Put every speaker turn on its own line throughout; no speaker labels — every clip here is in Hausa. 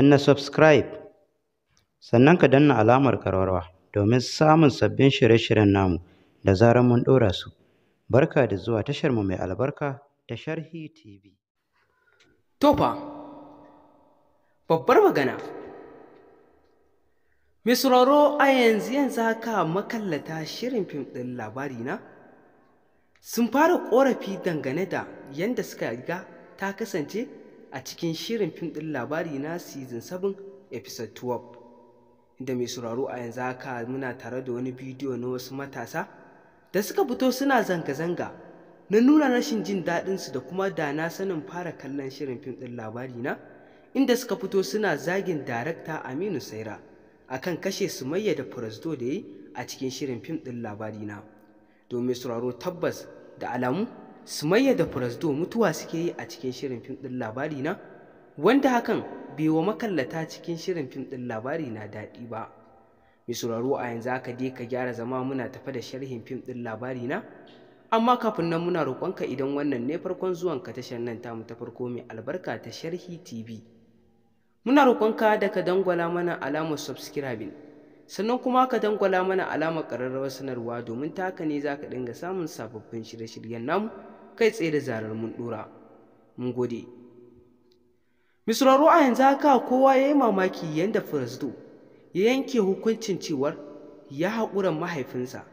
na subscribe sannan ka danna alamar karwarwa domin samun sabbin shirye-shiryen namu da zarar mun ɗora su barka da zuwa tashar mu mai albarka ta sharhi tv tofa babbar magana mai a yanzu yanzu haka makallata shirin fim ɗin labari na sun fara ƙorafi dangane da yadda suka riga ta kasance a cikin shirin fim ɗin labari na season 7 episode 12 da mai sauraro a yanzu haka muna tare da wani bidiyo na wasu matasa da suka fito suna zanga-zanga na nuna rashin jin daɗinsu da kuma da na sanin fara kallon shirin fim ɗin labari na inda suka fito suna zagin darakta aminu saira akan kashe su mayya da furasdo da yi a cikin shirin fim ɗin labari na domin sauraro tabbas da alamu sumayya da Furasdo mutuwa suke yi a cikin shirin fim ɗin labari na wanda hakan bai wa makallata cikin shirin fim ɗin labari na daɗi ba mai sauraro a yanzu aka je ka gyara zama muna tafe da sharhin fim ɗin labari na amma kafin nan muna roƙonka idan wannan ne farkon zuwan ka tashar nan ta mu ta farko mai albarka ta sharhi tv muna roƙonka da ka dangwala mana alamar subscribing sannan kuma ka dangwala mana alamar ƙararrawar sanarwa domin ta haka ne za ka dinga samun sababbin shirye-shiryen namu kai tsaye da zarar mun ɗora mun gode misrarru a yanzu haka kowa ya yi mamaki yadda firasdo ya yanke hukuncin cewar ya haƙura mahaifinsa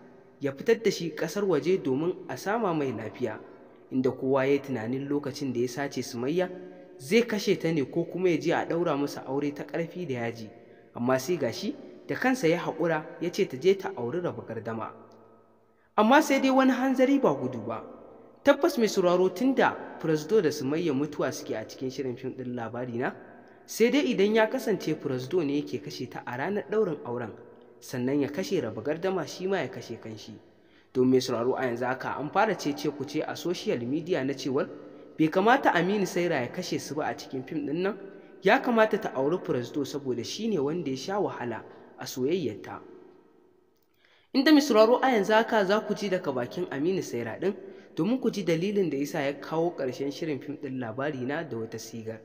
ya fitar da shi ƙasar waje domin a sama mai lafiya inda kowa ya yi tunanin lokacin da ya sace sumayya zai kashe ta ne ko kuma ya je a ɗaura masa aure ta ƙarfi da yaji amma sai shi da kansa ya haƙura ya ce ta je ta auri raba gardama amma sai dai wani hanzari ba gudu ba tabbas mai sauraro tun da Firasdo da Sumayya mutuwa suke a cikin shirin fim ɗin labari na sai dai idan ya kasance Firasdo ne yake kashe ta a ranar ɗaurin auren sannan ya kashe raba gardama shi ma ya kashe kanshi don mai sauraro a yanzu haka an fara cece ku ce a social media na cewar bai kamata Aminu Saira ya kashe su ba a cikin fim ɗin nan ya kamata ta auri Firasdo saboda shi ne wanda ya sha wahala a soyayyarta. inda mai sauraro a yanzu haka za ku ji daga bakin aminu saira ɗin domin ku ji dalilin da yasa ya kawo ƙarshen shirin fim ɗin labari na da wata sigar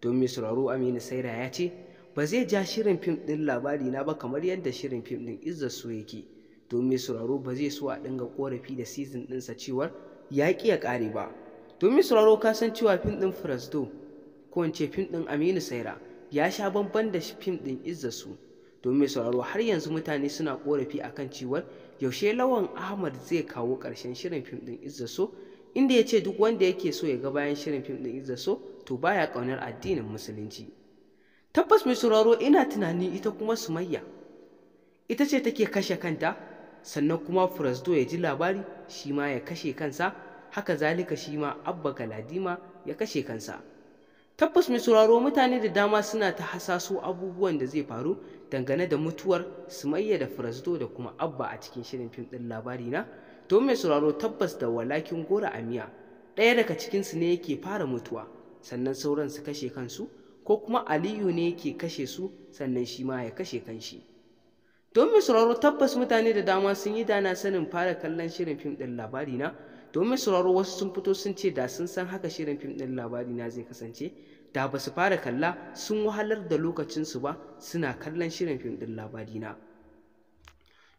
domin mai aminu saira ya ce ba zai ja shirin fim ɗin labari na ba kamar yadda shirin fim ɗin izza so yake domin mai ba zai so a dinga korafi da season ɗinsa cewar ya ƙi ya ƙare ba domin sauraro ka san cewa fim ɗin firasdo ko in ce fim ɗin aminu saira ya sha bamban da fim ɗin izza so. domin mai sauraro har yanzu mutane suna korafi kan ciwon, yaushe lawan ahmad zai kawo ƙarshen shirin fim din izza so inda ya ce duk wanda yake so ya ga bayan shirin fim din izza so to baya ƙaunar addinin musulunci tabbas mai sauraro ina tunani ita kuma sumayya ita ce take kashe kanta sannan kuma furasdo ya ji labari shi ma ya kashe kansa haka zalika shi ma abba galadima ya kashe kansa tabbas mai sauraro mutane da dama suna ta hasaso abubuwan da zai faru dangane da mutuwar sumayya da firasdo da kuma abba a cikin shirin fim ɗin labari na to mai sauraro tabbas da walakin gora a miya ɗaya daga cikinsu ne yake fara mutuwa sannan sauran su kashe kansu ko kuma aliyu ne yake kashe su sannan shi ma ya kashe kanshi To mai sauraro tabbas mutane da dama sun yi dana sanin fara kallon shirin fim ɗin labari na domin sauraro wasu sun fito sun ce da sun san haka shirin fim ɗin labari na zai kasance da ba su fara kalla sun wahalar da lokacinsu ba suna kallon shirin fim ɗin labari na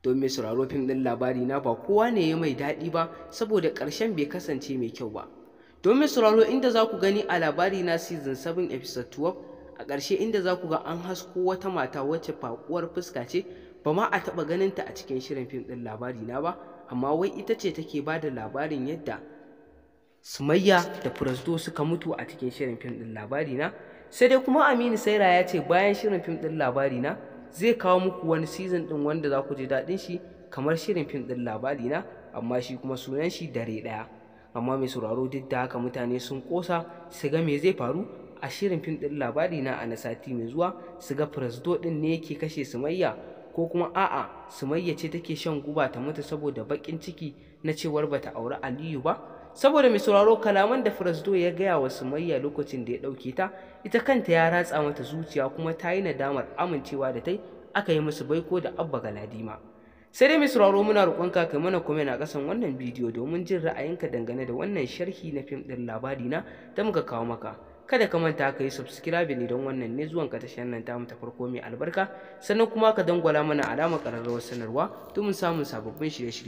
domin sauraro fim ɗin labari na ba kowa ne ya mai daɗi ba saboda ƙarshen bai kasance mai kyau ba domin sauraro inda za ku gani a labari na season 7 episode 12 a ƙarshe inda za ku ga an hasko wata mata wacce faƙuwar fuska ce ba ma a taɓa ganinta a cikin shirin fim ɗin labari na ba amma wai ita ce take ba da labarin yadda sumayya da furasdo suka mutu a cikin shirin fim ɗin labari na sai dai kuma aminu saira ya ce bayan shirin fim ɗin labari na zai kawo muku wani season ɗin wanda za ku ji daɗin shi kamar shirin fim ɗin labari na amma shi kuma sunan shi dare ɗaya amma mai sauraro duk da haka mutane sun ƙosa su ga me zai faru a shirin fim ɗin labari na a na sati mai zuwa su ga furasdo ɗin ne yake kashe sumayya ko kuma a'a sumayya ce take shan guba ta mutu saboda baƙin ciki na cewar bata auri aliyu ba saboda mai sauraro kalaman da firasdo ya gaya wa sumayya lokacin da ya ɗauke ta ita kanta ya ratsa mata zuciya kuma ta yi nadamar amincewa da ta aka yi musu baiko da abba galadima sai dai mai sauraro muna ka kai mana kuma na kasan wannan bidiyo domin jin ra'ayinka dangane da wannan sharhi na fim ɗin labari na da muka kawo maka kada ka manta ka yi subscribing don wannan ne zuwan ka nan ta ta farko mai albarka sannan kuma ka dangwala mana alamar ƙararrawar sanarwa domin samun sababbin shirye-shirye